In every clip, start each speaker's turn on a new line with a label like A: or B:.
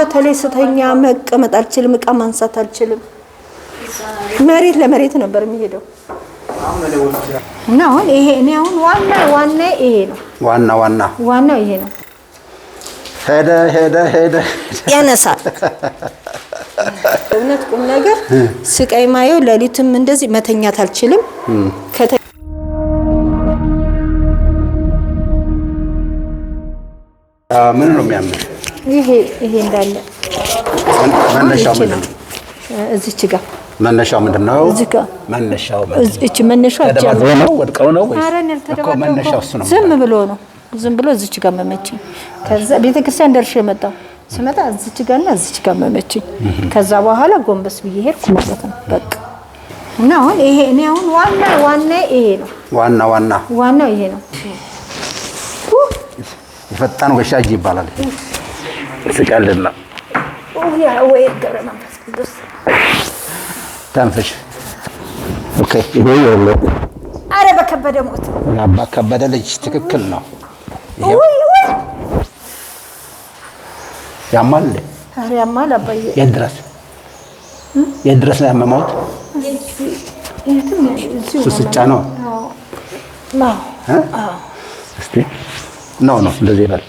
A: በተለይ ስተኛ መቀመጥ አልችልም፣ እቃ ማንሳት አልችልም። መሬት ለመሬት ነበር የሚሄደው እና አሁን ይሄ እኔ አሁን ዋና ዋና ይሄ ነው። ዋና ዋና ዋና ይሄ ነው።
B: ሄደ ሄደ ሄደ
A: ያነሳል። እውነት ቁም ነገር ስቃይ ማየው። ሌሊትም እንደዚህ መተኛት አልችልም።
B: ምን ነው የሚያምር
A: ይሄ ይሄ እንዳለ
B: መነሻው ምንድን ነው? እዚች ጋር መነሻው ምንድን ነው? እዚህ ጋር መነሻው
A: እቺ መነሻው
B: ነው። ወድቀው ነው መነሻው እሱ ነው።
A: ዝም ብሎ ነው ዝም ብሎ እዚች ጋር መመችኝ። ከዛ ቤተክርስቲያን ደርሼ የመጣው ስመጣ እዚች ጋርና እዚች ጋር መመችኝ። ከዛ በኋላ ጎንበስ ብዬ ሄድኩ ማለት ነው በቃ እና አሁን ይሄ እኔ አሁን ዋና ዋና ይሄ ነው። ዋና ዋና ዋና ይሄ ነው።
B: የፈጣን ወሻጅ ይባላል። ስቀልና ታንፈሽ ይሄ የለው።
A: አረ በከበደ ሞት
B: አባ ከበደ ልጅ ትክክል ነው። ያማል
A: ያማል። አባዬ
B: የት ድረስ የት ድረስ ነው ያመመውት? እሱ ነው ነው ነው እንደዚህ ይላል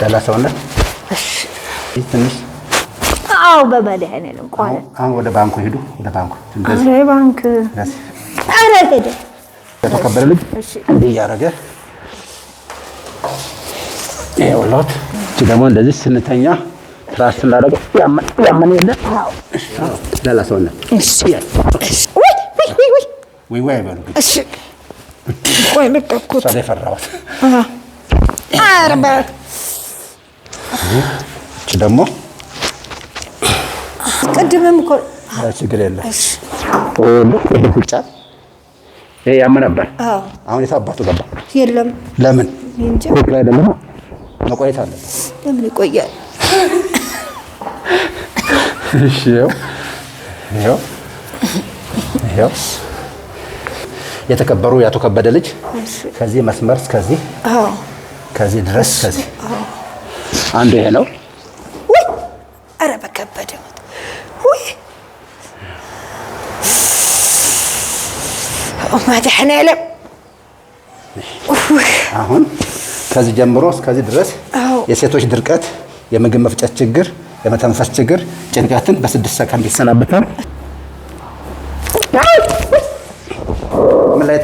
B: ጠላ ሰውነት
A: ትንሽ አዎ፣ በመድኃኒዓለም ቆይ።
B: አሁን ወደ ባንኩ ሄዱ። ወደ ባንኩ
A: ወደ ባንክ ኧረ
B: ሄደ። ተከበረ ልጅ እንዲህ እያደረገ ይኸውልዎት። እቺ ደግሞ እንደዚህ ስንተኛ ትራስ ስናደርገው ያመን የለ ላላ ሰውነት ወይ ወይ አይበሉ። እሺ
A: ቆይ ልቀኩት።
B: ሰለ ፈራሁት። እቺ ደግሞ ቅድምም እኮ ችግር የለም። ይሄ ያም ነበር። አሁን የት አባቱ ገባ? የለም። ለምን ኮክ ላይ ደግሞ መቆየት አለ?
A: ለምን ይቆያል?
B: እሺ ይኸው ይኸው ይኸው የተከበሩ ያቶ ከበደ ልጅ ከዚህ መስመር እስከዚህ ከዚህ ድረስ ከዚህ አንዱ ይሄ ነው።
A: ኧረ በከበደ መድኃኔዓለም
B: አሁን ከዚህ ጀምሮ እስከዚህ ድረስ የሴቶች ድርቀት፣ የምግብ መፍጨት ችግር፣ የመተንፈስ ችግር ጭንቀትን በስድስት ሰከንድ ይሰናበታል።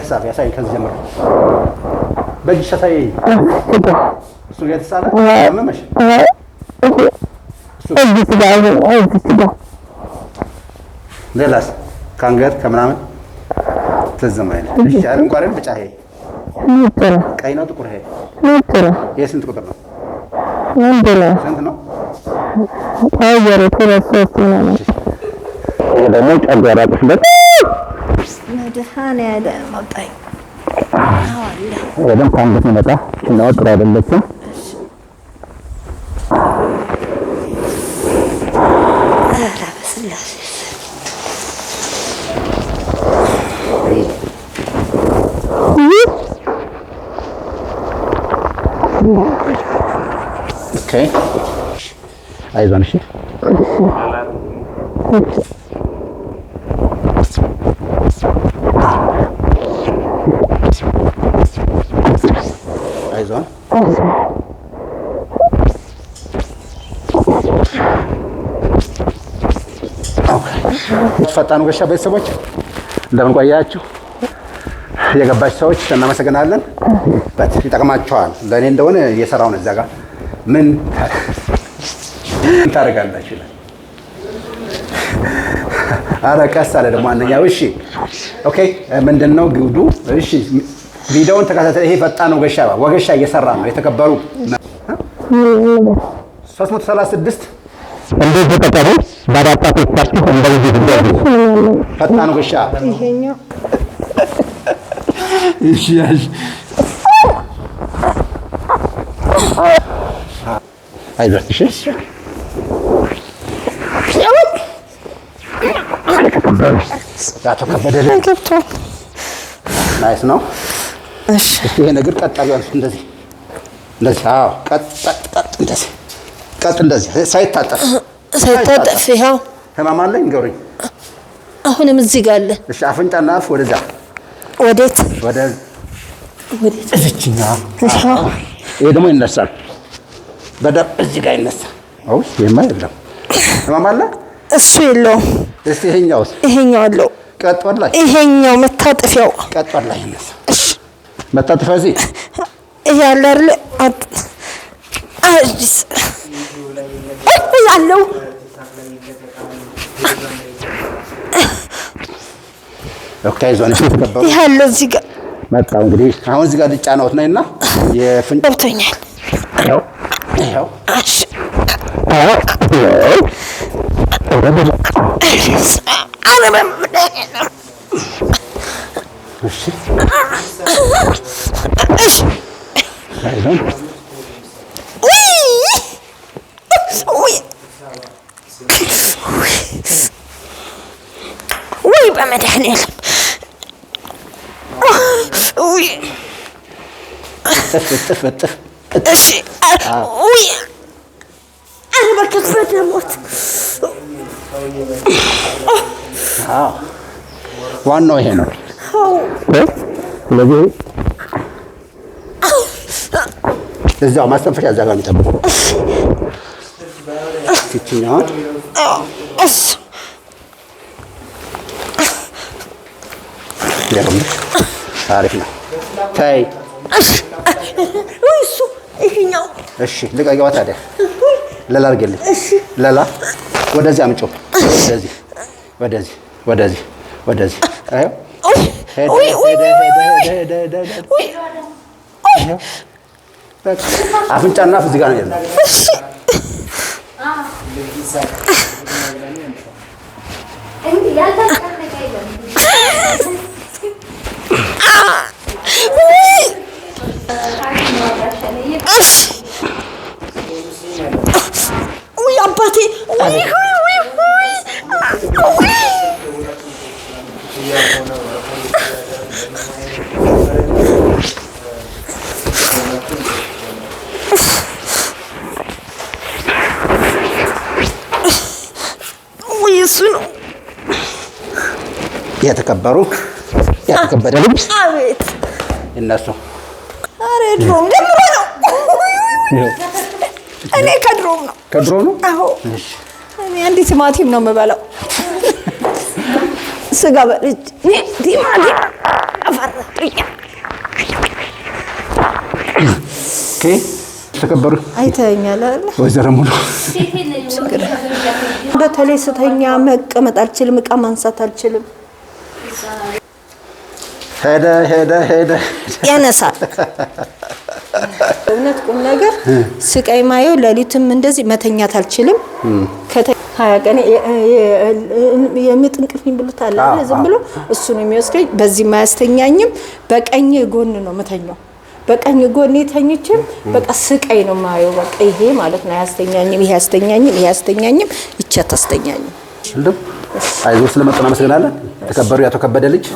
B: የተሳፈ ያሳይ። ከዚህ ጀምሮ በእጅሽ ያሳይ። እሱ ጋር የተሳለ አመመሽ። ሌላስ ከአንገት ከምናምን ትዝም አይልም። አረንጓዴ ብጫ፣ ይሄ ቀይ ነው ጥቁር፣ ሄ ይሄ ስንት ቁጥር ነው? ስንት ነው? ደግሞ ጨጓራ ቁስለት በደንብ ከአንገት መጣ ሽናዋ ጥሩ አይደለችም። አይዞን እሺ ፈጣኑ ገሻ ቤተሰቦች እንደምን ቆያችሁ? የገባች ሰዎች እናመሰግናለን። በት ይጠቅማቸዋል። ለእኔ እንደሆነ የሰራውን እዚያ ጋር ምን ታደርጋላችሁ? አረ ቀስ አለ ደግሞ አንደኛው። እሺ ኦኬ፣ ምንድን ነው እሺ ቪዲዮውን ተከታተል። ይሄ ፈጣኑ ወገሻ ወገሻ እየሰራ ነው። የተከበሩ 336 እንዴት ተቀጠሩ ወጣቶቻችሁ እንደዚህ እንደዚህ ፈጣን ጉሻ አቶ ከበደ ገብቷል። ናይስ ነው። ይሄ ነገር ቀጥ አድርጋችሁ እንደዚህ እንደዚህ። ቀጥ እንደዚህ፣ ቀጥ እንደዚህ ሳይታጠፍ
A: ሳይታጠፍ ይኸው
B: ህመም አለ ንገሩኝ።
A: አሁንም እዚህ ጋር አለ።
B: እሺ አፍንጫና አፍ ወደዛ ወዴት ወደ ወዴት እዚህኛ። እሺ ይሄ ደግሞ ይነሳል። በደም እዚህ ጋር ይነሳል። አው ይሄማ የለም። ህመም አለ
A: እሱ የለውም። እስቲ ይሄኛው ይሄኛው አለው። ቀጥላ ይሄኛው መታጠፊያው
B: ቀጥላ ይነሳ። እሺ መታጠፊያው እዚህ
A: ይሄ አይደል? አይ አለው ያለው እዚህ ጋር
B: መጣው። እንግዲህ አሁን እዚህ ጋር ልጫነዎት ነይ እና
A: የፍንጭ ገብቶኛል። እሺ مدحنيش
B: وي تف تف تف وي
A: انا ما كنت بدي اموت
B: ዋናው ይሄ ነው። ስለዚህ እዛው ማስተንፈሻ እዛ ጋር የሚጠብቁ ፊትኛዋን ይገርምሽ። አሪፍ ነው። ታይ
A: እሱ ይሄኛው።
B: እሺ ልቀቂዋ ታዲያ። ለላ አድርጌልኝ። እሺ ለላ ወደዚህ አምጪው። ወደዚህ ወደዚህ ወደዚህ ወደዚህ። አፍንጫና እዚህ ጋር ነው ያለው። የተከበሩ የተከበደ ልብስ አቤት እነሱ
A: አረ ድሮም ጀምሮ ነው። እኔ ከድሮም ነው
B: ከድሮ ነው። አዎ
A: እኔ አንድ ቲማቲም ነው የምበላው። ስጋ በልጅ ቲማቲም አፈራጥኛ
B: ኦኬ። ተከበሩ
A: አይተኛል አይደል? ወይዘሮ ሙሉ በተለይ ስተኛ መቀመጥ አልችልም፣ እቃ ማንሳት አልችልም።
B: ሄደ ሄደ ሄደ
A: ያነሳል። እውነት ቁም ነገር ስቃይ ማየው። ሌሊትም እንደዚህ መተኛት አልችልም። ሀያ ቀን የምጥ እንቅልፍ ብሉት አለ ዝም ብሎ እሱ ነው የሚወስደኝ። በዚህ አያስተኛኝም። በቀኝ ጎን ነው የምተኛው። በቀኝ ጎን የተኝችም በቃ ስቃይ ነው ማየው። በቃ ይሄ ማለት ነው አያስተኛኝም። ይሄ አያስተኛኝም። ይሄ አያስተኛኝም። ይቺ አታስተኛኝም።
B: አይዞህ ስለመጡ እናመሰግናለን። ተከበሩ ያቶ ከበደ ልጅ